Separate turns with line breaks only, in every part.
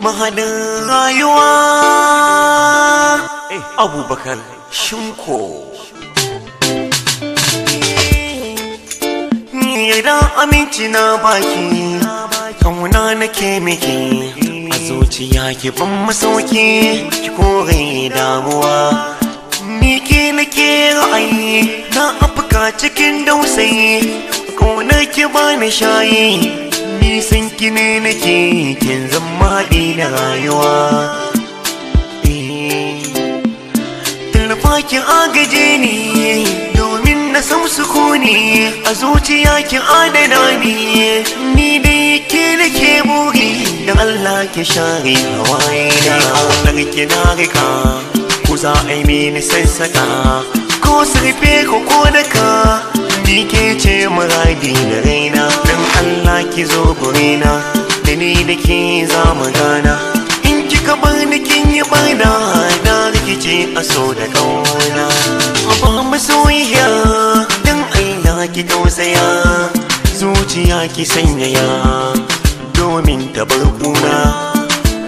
mahanin rayuwa eh. abubakar shinko yada aminci na baki kauna nake miki a zuciya ki ban masauki ki kore damuwa ni ke nake ra'ayi na afka cikin dausayi kauna ki bani shayi ni san ki ne nake kin zama haɗi na rayuwa eh, Talfa ki agaje ni domin na san sukuni a zuciya ki adana ni ni dai ke nake buri da Allah ki share hawaye da aunar ki na rika ku za a yi mini sassaka ko sirfe ko ko daka ni ke ce muradi na rai za ki zo gurina da ni da ke za mu gana in kika bani kin yi bana na rikici a so da kauna ba soyayya don aina ki tausaya zuciya ki sanyaya domin ta bar kuna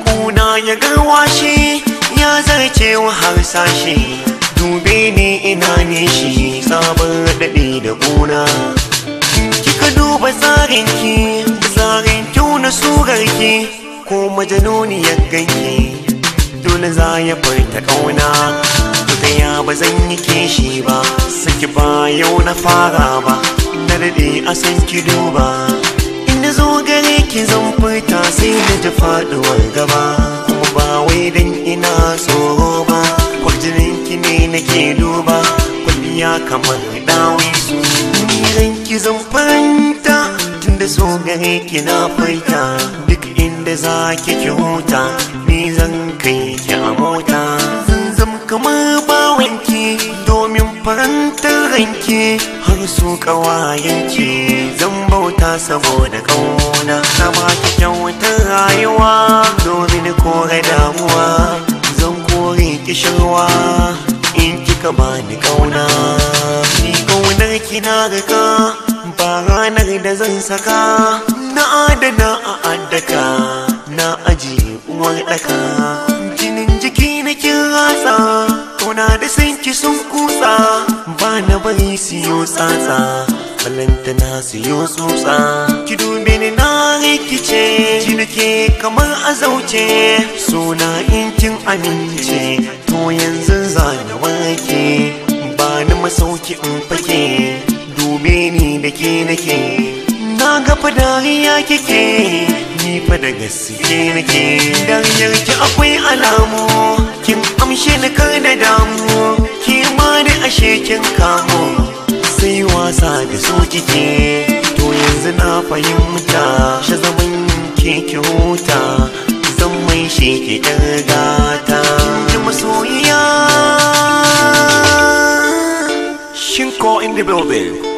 kuna ya garwashi ya zarce wa sashi dube ni ina ne shi sabon raɗaɗi da kuna duba tsarinki zarin kyau na surarki ko majanoni ganye. dole za ya furta ƙauna ta ya ba zan yi kishi ba saki ba yau na fara ba na daɗe a san ki duba inda zo gare ki zan furta sai da ta faɗuwar gaba kuma ba wai dan ina tsoro ba kwajinin ki ne nake duba kwalliya kamar dawisu ni zan ki zan fahimta tunda so gare ki na faita duk inda za ki ki huta ni zan kai ki a mota zan zam kamar bawanki domin farantar ranki har su kawayenki zan bauta saboda kauna ba ki kyautar rayuwa domin kore kina ga ka ba ranar da zan saka na adana a addaka na aji uwar daka jinin jiki na kin rasa na da sanki sun kusa ba na bari siyo tsatsa balanta na siyo tsotsa ki dubi ni na rikice ji kamar a zauce suna in kin amince to yanzu za warke Wani masauki in fake dube ni da ke nake na ga fa dariya kike ni fa da gaske nake dan ki akwai alamu kin amshe ni kar da damu ki ma da ashe kin kamo sai wasa da so kike to yanzu na fahimta shi zaman ke ki huta zan mai shi ke in the building.